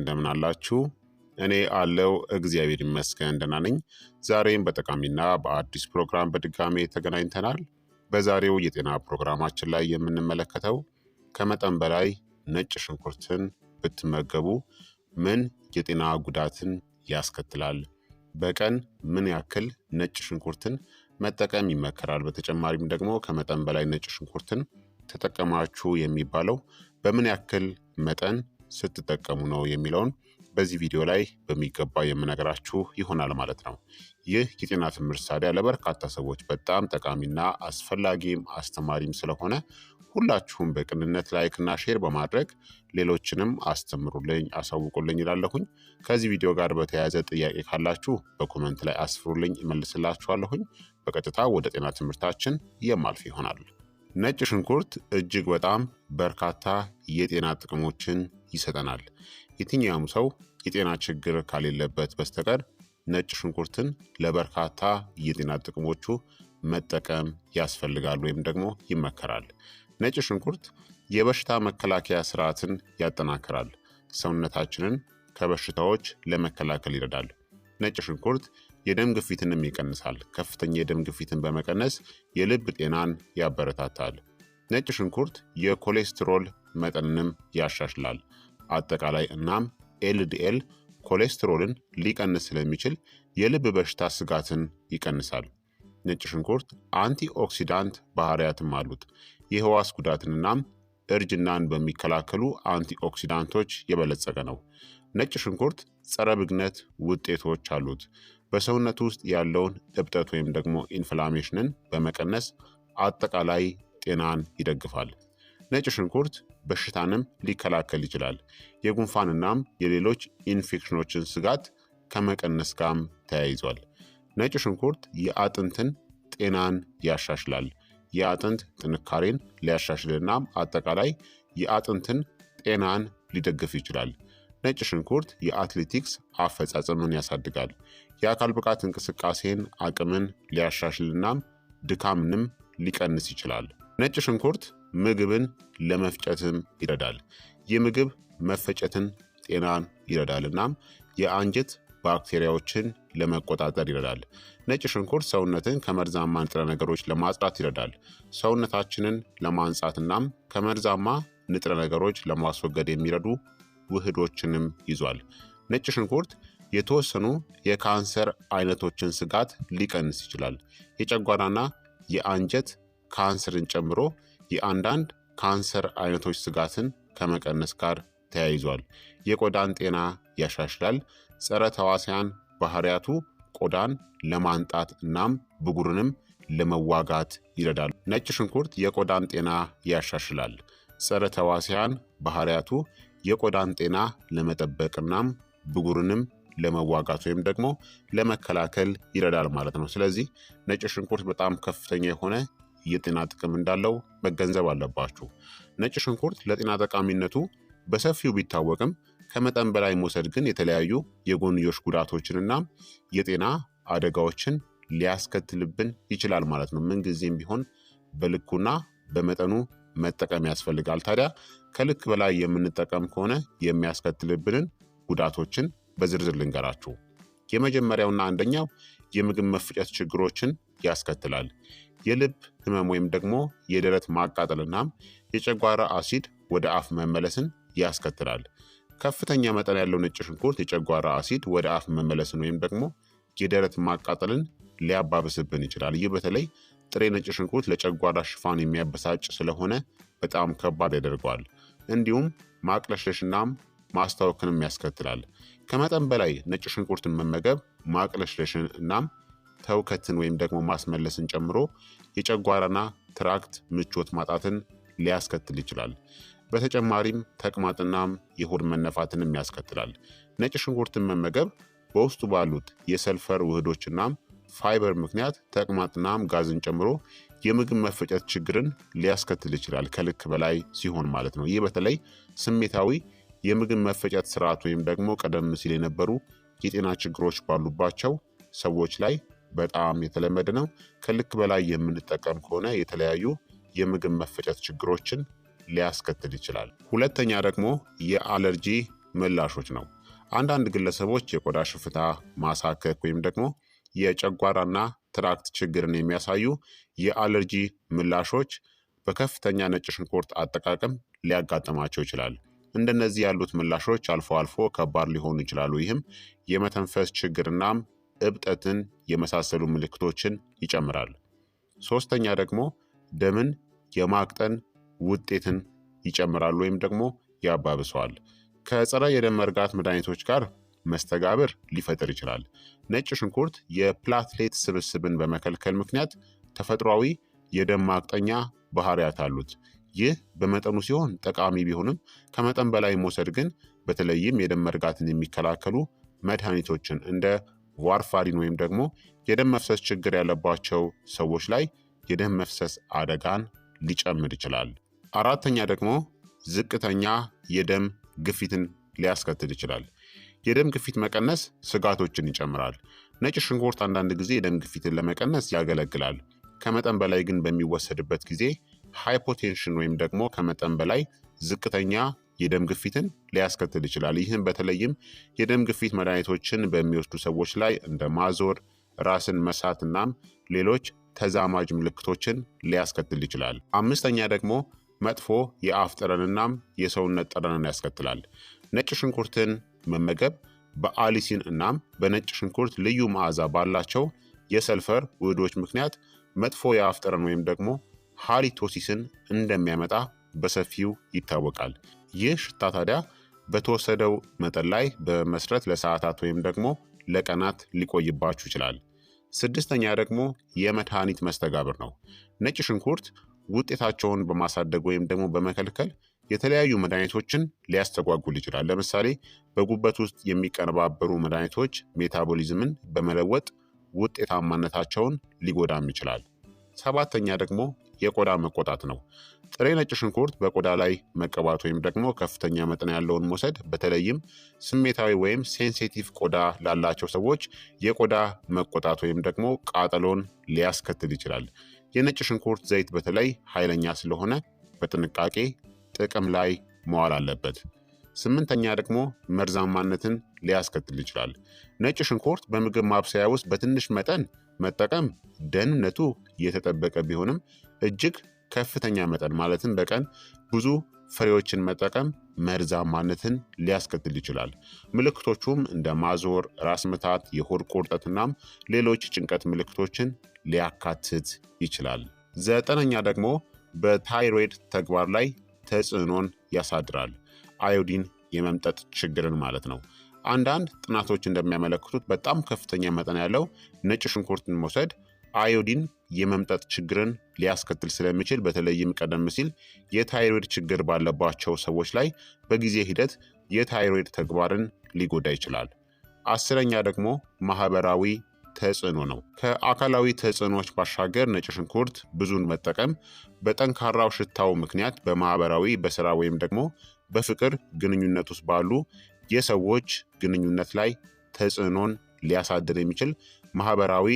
እንደምን አላችሁ? እኔ አለው እግዚአብሔር ይመስገን ደህና ነኝ። ዛሬም በጠቃሚና በአዲስ ፕሮግራም በድጋሜ ተገናኝተናል። በዛሬው የጤና ፕሮግራማችን ላይ የምንመለከተው ከመጠን በላይ ነጭ ሽንኩርትን ብትመገቡ ምን የጤና ጉዳትን ያስከትላል? በቀን ምን ያክል ነጭ ሽንኩርትን መጠቀም ይመከራል? በተጨማሪም ደግሞ ከመጠን በላይ ነጭ ሽንኩርትን ተጠቀማችሁ የሚባለው በምን ያክል መጠን ስትጠቀሙ ነው የሚለውን በዚህ ቪዲዮ ላይ በሚገባ የምነግራችሁ ይሆናል ማለት ነው። ይህ የጤና ትምህርት ታዲያ ለበርካታ ሰዎች በጣም ጠቃሚና አስፈላጊም አስተማሪም ስለሆነ ሁላችሁም በቅንነት ላይክና ሼር በማድረግ ሌሎችንም አስተምሩልኝ፣ አሳውቁልኝ ይላለሁኝ። ከዚህ ቪዲዮ ጋር በተያያዘ ጥያቄ ካላችሁ በኮመንት ላይ አስፍሩልኝ፣ እመልስላችኋለሁኝ። በቀጥታ ወደ ጤና ትምህርታችን የማልፍ ይሆናል። ነጭ ሽንኩርት እጅግ በጣም በርካታ የጤና ጥቅሞችን ይሰጠናል። የትኛውም ሰው የጤና ችግር ከሌለበት በስተቀር ነጭ ሽንኩርትን ለበርካታ የጤና ጥቅሞቹ መጠቀም ያስፈልጋል ወይም ደግሞ ይመከራል። ነጭ ሽንኩርት የበሽታ መከላከያ ስርዓትን ያጠናክራል፣ ሰውነታችንን ከበሽታዎች ለመከላከል ይረዳል። ነጭ ሽንኩርት የደም ግፊትንም ይቀንሳል። ከፍተኛ የደም ግፊትን በመቀነስ የልብ ጤናን ያበረታታል። ነጭ ሽንኩርት የኮሌስትሮል መጠንንም ያሻሽላል። አጠቃላይ እናም ኤልዲኤል ኮሌስትሮልን ሊቀንስ ስለሚችል የልብ በሽታ ስጋትን ይቀንሳል። ነጭ ሽንኩርት አንቲኦክሲዳንት ባህሪያትም አሉት። የህዋስ ጉዳትንናም እርጅናን በሚከላከሉ አንቲኦክሲዳንቶች የበለጸገ ነው። ነጭ ሽንኩርት ጸረ ብግነት ውጤቶች አሉት። በሰውነት ውስጥ ያለውን እብጠት ወይም ደግሞ ኢንፍላሜሽንን በመቀነስ አጠቃላይ ጤናን ይደግፋል። ነጭ ሽንኩርት በሽታንም ሊከላከል ይችላል። የጉንፋንናም የሌሎች ኢንፌክሽኖችን ስጋት ከመቀነስ ጋርም ተያይዟል። ነጭ ሽንኩርት የአጥንትን ጤናን ያሻሽላል። የአጥንት ጥንካሬን ሊያሻሽልናም አጠቃላይ የአጥንትን ጤናን ሊደግፍ ይችላል። ነጭ ሽንኩርት የአትሌቲክስ አፈጻጸምን ያሳድጋል። የአካል ብቃት እንቅስቃሴን አቅምን ሊያሻሽልናም ድካምንም ሊቀንስ ይችላል። ነጭ ሽንኩርት ምግብን ለመፍጨትም ይረዳል። የምግብ መፈጨትን ጤናን ይረዳል፣ እናም የአንጀት ባክቴሪያዎችን ለመቆጣጠር ይረዳል። ነጭ ሽንኩርት ሰውነትን ከመርዛማ ንጥረ ነገሮች ለማጽዳት ይረዳል። ሰውነታችንን ለማንጻት እናም ከመርዛማ ንጥረ ነገሮች ለማስወገድ የሚረዱ ውህዶችንም ይዟል። ነጭ ሽንኩርት የተወሰኑ የካንሰር አይነቶችን ስጋት ሊቀንስ ይችላል። የጨጓራና የአንጀት ካንሰርን ጨምሮ የአንዳንድ ካንሰር አይነቶች ስጋትን ከመቀነስ ጋር ተያይዟል። የቆዳን ጤና ያሻሽላል። ጸረ ተዋሲያን ባህሪያቱ ቆዳን ለማንጣት እናም ብጉርንም ለመዋጋት ይረዳል። ነጭ ሽንኩርት የቆዳን ጤና ያሻሽላል። ጸረ ተዋሲያን ባህሪያቱ የቆዳን ጤና ለመጠበቅ እናም ብጉርንም ለመዋጋት ወይም ደግሞ ለመከላከል ይረዳል ማለት ነው። ስለዚህ ነጭ ሽንኩርት በጣም ከፍተኛ የሆነ የጤና ጥቅም እንዳለው መገንዘብ አለባችሁ። ነጭ ሽንኩርት ለጤና ጠቃሚነቱ በሰፊው ቢታወቅም ከመጠን በላይ መውሰድ ግን የተለያዩ የጎንዮሽ ጉዳቶችንና የጤና አደጋዎችን ሊያስከትልብን ይችላል ማለት ነው። ምንጊዜም ቢሆን በልኩና በመጠኑ መጠቀም ያስፈልጋል። ታዲያ ከልክ በላይ የምንጠቀም ከሆነ የሚያስከትልብንን ጉዳቶችን በዝርዝር ልንገራችሁ። የመጀመሪያውና አንደኛው የምግብ መፍጨት ችግሮችን ያስከትላል። የልብ ህመም ወይም ደግሞ የደረት ማቃጠልናም የጨጓራ አሲድ ወደ አፍ መመለስን ያስከትላል። ከፍተኛ መጠን ያለው ነጭ ሽንኩርት የጨጓራ አሲድ ወደ አፍ መመለስን ወይም ደግሞ የደረት ማቃጠልን ሊያባብስብን ይችላል። ይህ በተለይ ጥሬ ነጭ ሽንኩርት ለጨጓራ ሽፋን የሚያበሳጭ ስለሆነ በጣም ከባድ ያደርገዋል። እንዲሁም ማቅለሽለሽናም ማስታወክንም ያስከትላል። ከመጠን በላይ ነጭ ሽንኩርትን መመገብ ማቅለሽለሽን እናም ተውከትን ወይም ደግሞ ማስመለስን ጨምሮ የጨጓራና ትራክት ምቾት ማጣትን ሊያስከትል ይችላል። በተጨማሪም ተቅማጥናም የሆድ መነፋትንም ያስከትላል። ነጭ ሽንኩርትን መመገብ በውስጡ ባሉት የሰልፈር ውህዶችናም ፋይበር ምክንያት ተቅማጥናም ጋዝን ጨምሮ የምግብ መፈጨት ችግርን ሊያስከትል ይችላል፣ ከልክ በላይ ሲሆን ማለት ነው። ይህ በተለይ ስሜታዊ የምግብ መፈጨት ስርዓት ወይም ደግሞ ቀደም ሲል የነበሩ የጤና ችግሮች ባሉባቸው ሰዎች ላይ በጣም የተለመደ ነው። ከልክ በላይ የምንጠቀም ከሆነ የተለያዩ የምግብ መፈጨት ችግሮችን ሊያስከትል ይችላል። ሁለተኛ ደግሞ የአለርጂ ምላሾች ነው። አንዳንድ ግለሰቦች የቆዳ ሽፍታ፣ ማሳከክ ወይም ደግሞ የጨጓራና ትራክት ችግርን የሚያሳዩ የአለርጂ ምላሾች በከፍተኛ ነጭ ሽንኩርት አጠቃቀም ሊያጋጥማቸው ይችላል። እንደነዚህ ያሉት ምላሾች አልፎ አልፎ ከባድ ሊሆኑ ይችላሉ። ይህም የመተንፈስ ችግርናም እብጠትን የመሳሰሉ ምልክቶችን ይጨምራል። ሶስተኛ ደግሞ ደምን የማቅጠን ውጤትን ይጨምራል ወይም ደግሞ ያባብሰዋል። ከጸረ የደም መርጋት መድኃኒቶች ጋር መስተጋብር ሊፈጥር ይችላል። ነጭ ሽንኩርት የፕላትሌት ስብስብን በመከልከል ምክንያት ተፈጥሯዊ የደም ማቅጠኛ ባህሪያት አሉት። ይህ በመጠኑ ሲሆን ጠቃሚ ቢሆንም ከመጠን በላይ መውሰድ ግን በተለይም የደም መርጋትን የሚከላከሉ መድኃኒቶችን እንደ ዋርፋሪን ወይም ደግሞ የደም መፍሰስ ችግር ያለባቸው ሰዎች ላይ የደም መፍሰስ አደጋን ሊጨምር ይችላል። አራተኛ ደግሞ ዝቅተኛ የደም ግፊትን ሊያስከትል ይችላል። የደም ግፊት መቀነስ ስጋቶችን ይጨምራል። ነጭ ሽንኩርት አንዳንድ ጊዜ የደም ግፊትን ለመቀነስ ያገለግላል። ከመጠን በላይ ግን በሚወሰድበት ጊዜ ሃይፖቴንሽን ወይም ደግሞ ከመጠን በላይ ዝቅተኛ የደም ግፊትን ሊያስከትል ይችላል። ይህም በተለይም የደም ግፊት መድኃኒቶችን በሚወስዱ ሰዎች ላይ እንደ ማዞር፣ ራስን መሳት እናም ሌሎች ተዛማጅ ምልክቶችን ሊያስከትል ይችላል። አምስተኛ ደግሞ መጥፎ የአፍ ጠረንናም የሰውነት ጠረንን ያስከትላል። ነጭ ሽንኩርትን መመገብ በአሊሲን እናም በነጭ ሽንኩርት ልዩ መዓዛ ባላቸው የሰልፈር ውህዶች ምክንያት መጥፎ የአፍ ጠረን ወይም ደግሞ ሃሊቶሲስን እንደሚያመጣ በሰፊው ይታወቃል። ይህ ሽታ ታዲያ በተወሰደው መጠን ላይ በመስረት ለሰዓታት ወይም ደግሞ ለቀናት ሊቆይባችሁ ይችላል። ስድስተኛ ደግሞ የመድኃኒት መስተጋብር ነው። ነጭ ሽንኩርት ውጤታቸውን በማሳደግ ወይም ደግሞ በመከልከል የተለያዩ መድኃኒቶችን ሊያስተጓጉል ይችላል። ለምሳሌ በጉበት ውስጥ የሚቀነባበሩ መድኃኒቶች ሜታቦሊዝምን በመለወጥ ውጤታማነታቸውን ሊጎዳም ይችላል። ሰባተኛ ደግሞ የቆዳ መቆጣት ነው። ጥሬ ነጭ ሽንኩርት በቆዳ ላይ መቀባት ወይም ደግሞ ከፍተኛ መጠን ያለውን መውሰድ በተለይም ስሜታዊ ወይም ሴንሲቲቭ ቆዳ ላላቸው ሰዎች የቆዳ መቆጣት ወይም ደግሞ ቃጠሎን ሊያስከትል ይችላል። የነጭ ሽንኩርት ዘይት በተለይ ኃይለኛ ስለሆነ በጥንቃቄ ጥቅም ላይ መዋል አለበት። ስምንተኛ ደግሞ መርዛማነትን ሊያስከትል ይችላል። ነጭ ሽንኩርት በምግብ ማብሰያ ውስጥ በትንሽ መጠን መጠቀም ደህንነቱ የተጠበቀ ቢሆንም እጅግ ከፍተኛ መጠን ማለትም በቀን ብዙ ፍሬዎችን መጠቀም መርዛማነትን ሊያስከትል ይችላል። ምልክቶቹም እንደ ማዞር፣ ራስ ምታት፣ የሆድ ቁርጠትናም ሌሎች ጭንቀት ምልክቶችን ሊያካትት ይችላል። ዘጠነኛ ደግሞ በታይሮይድ ተግባር ላይ ተጽዕኖን ያሳድራል። አዮዲን የመምጠጥ ችግርን ማለት ነው። አንዳንድ ጥናቶች እንደሚያመለክቱት በጣም ከፍተኛ መጠን ያለው ነጭ ሽንኩርትን መውሰድ አዮዲን የመምጠጥ ችግርን ሊያስከትል ስለሚችል በተለይም ቀደም ሲል የታይሮይድ ችግር ባለባቸው ሰዎች ላይ በጊዜ ሂደት የታይሮይድ ተግባርን ሊጎዳ ይችላል። አስረኛ ደግሞ ማህበራዊ ተጽዕኖ ነው። ከአካላዊ ተጽዕኖዎች ባሻገር ነጭ ሽንኩርት ብዙን መጠቀም በጠንካራው ሽታው ምክንያት በማህበራዊ በስራ ወይም ደግሞ በፍቅር ግንኙነት ውስጥ ባሉ የሰዎች ግንኙነት ላይ ተጽዕኖን ሊያሳድር የሚችል ማህበራዊ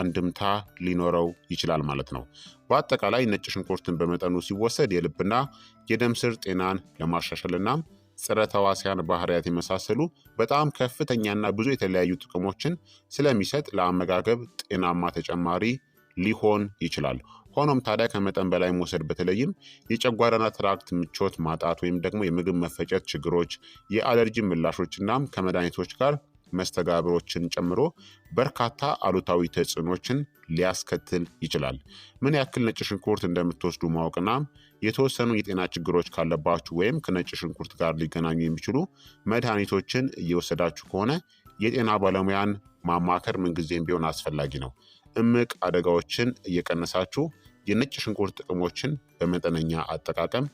አንድምታ ሊኖረው ይችላል ማለት ነው። በአጠቃላይ ነጭ ሽንኩርትን በመጠኑ ሲወሰድ የልብና የደም ስር ጤናን ለማሻሻል እናም ፀረ ተዋሲያን ባህሪያት የመሳሰሉ በጣም ከፍተኛና ብዙ የተለያዩ ጥቅሞችን ስለሚሰጥ ለአመጋገብ ጤናማ ተጨማሪ ሊሆን ይችላል። ሆኖም ታዲያ ከመጠን በላይ መውሰድ በተለይም የጨጓራና ትራክት ምቾት ማጣት ወይም ደግሞ የምግብ መፈጨት ችግሮች፣ የአለርጂ ምላሾች እናም ከመድኃኒቶች ጋር መስተጋብሮችን ጨምሮ በርካታ አሉታዊ ተጽዕኖችን ሊያስከትል ይችላል። ምን ያክል ነጭ ሽንኩርት እንደምትወስዱ ማወቅና የተወሰኑ የጤና ችግሮች ካለባችሁ ወይም ከነጭ ሽንኩርት ጋር ሊገናኙ የሚችሉ መድኃኒቶችን እየወሰዳችሁ ከሆነ የጤና ባለሙያን ማማከር ምንጊዜም ቢሆን አስፈላጊ ነው። እምቅ አደጋዎችን እየቀነሳችሁ የነጭ ሽንኩርት ጥቅሞችን በመጠነኛ አጠቃቀም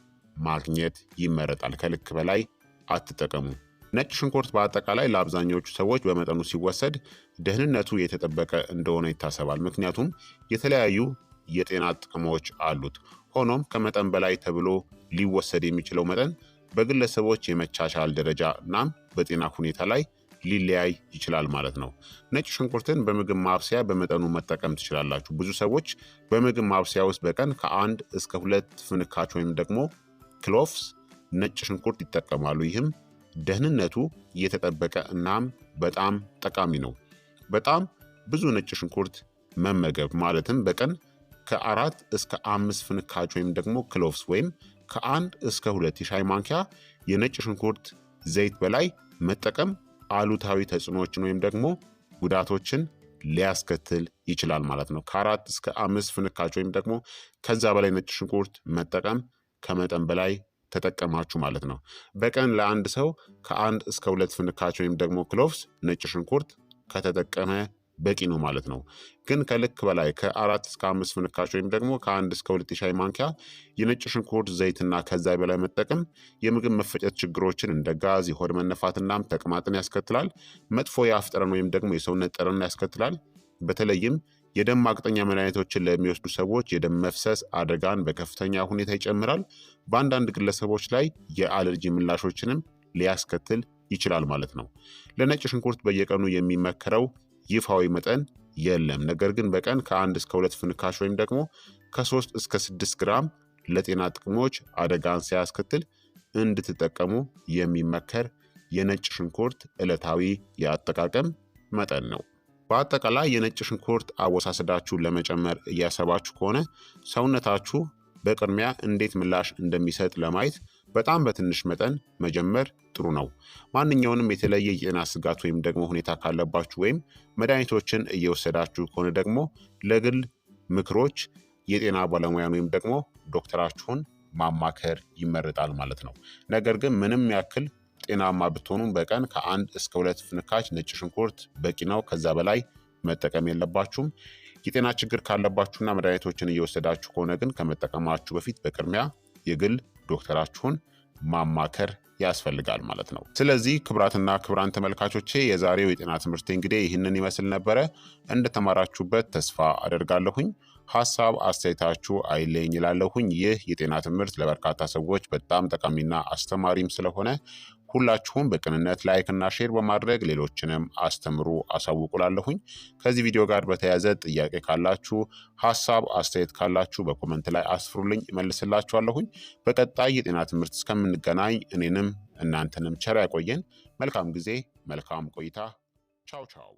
ማግኘት ይመረጣል። ከልክ በላይ አትጠቀሙ። ነጭ ሽንኩርት በአጠቃላይ ለአብዛኛዎቹ ሰዎች በመጠኑ ሲወሰድ ደህንነቱ የተጠበቀ እንደሆነ ይታሰባል። ምክንያቱም የተለያዩ የጤና ጥቅሞች አሉት። ሆኖም ከመጠን በላይ ተብሎ ሊወሰድ የሚችለው መጠን በግለሰቦች የመቻቻል ደረጃ እናም በጤና ሁኔታ ላይ ሊለያይ ይችላል ማለት ነው። ነጭ ሽንኩርትን በምግብ ማብሰያ በመጠኑ መጠቀም ትችላላችሁ። ብዙ ሰዎች በምግብ ማብሰያ ውስጥ በቀን ከአንድ እስከ ሁለት ፍንካች ወይም ደግሞ ክሎፍስ ነጭ ሽንኩርት ይጠቀማሉ። ይህም ደህንነቱ የተጠበቀ እናም በጣም ጠቃሚ ነው። በጣም ብዙ ነጭ ሽንኩርት መመገብ ማለትም በቀን ከአራት እስከ አምስት ፍንካች ወይም ደግሞ ክሎፍስ ወይም ከአንድ እስከ ሁለት የሻይ ማንኪያ የነጭ ሽንኩርት ዘይት በላይ መጠቀም አሉታዊ ተጽዕኖዎችን ወይም ደግሞ ጉዳቶችን ሊያስከትል ይችላል ማለት ነው። ከአራት እስከ አምስት ፍንካች ወይም ደግሞ ከዛ በላይ ነጭ ሽንኩርት መጠቀም ከመጠን በላይ ተጠቀማችሁ ማለት ነው። በቀን ለአንድ ሰው ከአንድ እስከ ሁለት ፍንካች ወይም ደግሞ ክሎቭስ ነጭ ሽንኩርት ከተጠቀመ በቂ ነው ማለት ነው። ግን ከልክ በላይ ከአራት እስከ አምስት ፍንካሽ ወይም ደግሞ ከአንድ እስከ ሁለት የሻይ ማንኪያ የነጭ ሽንኩርት ዘይትና ከዛ በላይ መጠቀም የምግብ መፈጨት ችግሮችን እንደ ጋዝ፣ የሆድ መነፋትናም ተቅማጥን ያስከትላል። መጥፎ የአፍ ጠረን ወይም ደግሞ የሰውነት ጠረንን ያስከትላል። በተለይም የደም ማቅጠኛ መድኃኒቶችን ለሚወስዱ ሰዎች የደም መፍሰስ አደጋን በከፍተኛ ሁኔታ ይጨምራል። በአንዳንድ ግለሰቦች ላይ የአለርጂ ምላሾችንም ሊያስከትል ይችላል ማለት ነው። ለነጭ ሽንኩርት በየቀኑ የሚመከረው ይፋዊ መጠን የለም። ነገር ግን በቀን ከአንድ እስከ ሁለት ፍንካሽ ወይም ደግሞ ከሶስት እስከ ስድስት ግራም ለጤና ጥቅሞች አደጋን ሳያስከትል እንድትጠቀሙ የሚመከር የነጭ ሽንኩርት ዕለታዊ የአጠቃቀም መጠን ነው። በአጠቃላይ የነጭ ሽንኩርት አወሳሰዳችሁን ለመጨመር እያሰባችሁ ከሆነ ሰውነታችሁ በቅድሚያ እንዴት ምላሽ እንደሚሰጥ ለማየት በጣም በትንሽ መጠን መጀመር ጥሩ ነው። ማንኛውንም የተለየ የጤና ስጋት ወይም ደግሞ ሁኔታ ካለባችሁ ወይም መድኃኒቶችን እየወሰዳችሁ ከሆነ ደግሞ ለግል ምክሮች የጤና ባለሙያን ወይም ደግሞ ዶክተራችሁን ማማከር ይመረጣል ማለት ነው። ነገር ግን ምንም ያክል ጤናማ ብትሆኑም በቀን ከአንድ እስከ ሁለት ፍንካች ነጭ ሽንኩርት በቂ ነው። ከዛ በላይ መጠቀም የለባችሁም። የጤና ችግር ካለባችሁና መድኃኒቶችን እየወሰዳችሁ ከሆነ ግን ከመጠቀማችሁ በፊት በቅድሚያ የግል ዶክተራችሁን ማማከር ያስፈልጋል ማለት ነው። ስለዚህ ክብራትና ክብራን ተመልካቾቼ የዛሬው የጤና ትምህርት እንግዲህ ይህንን ይመስል ነበረ። እንደተማራችሁበት ተስፋ አደርጋለሁኝ። ሀሳብ አስተያየታችሁ አይለኝ ይላለሁኝ። ይህ የጤና ትምህርት ለበርካታ ሰዎች በጣም ጠቃሚና አስተማሪም ስለሆነ ሁላችሁም በቅንነት ላይክ እና ሼር በማድረግ ሌሎችንም አስተምሩ አሳውቁላለሁኝ። ከዚህ ቪዲዮ ጋር በተያያዘ ጥያቄ ካላችሁ፣ ሀሳብ አስተያየት ካላችሁ በኮመንት ላይ አስፍሩልኝ፣ እመልስላችኋለሁኝ። በቀጣይ የጤና ትምህርት እስከምንገናኝ እኔንም እናንተንም ቸር ያቆየን። መልካም ጊዜ፣ መልካም ቆይታ። ቻው ቻው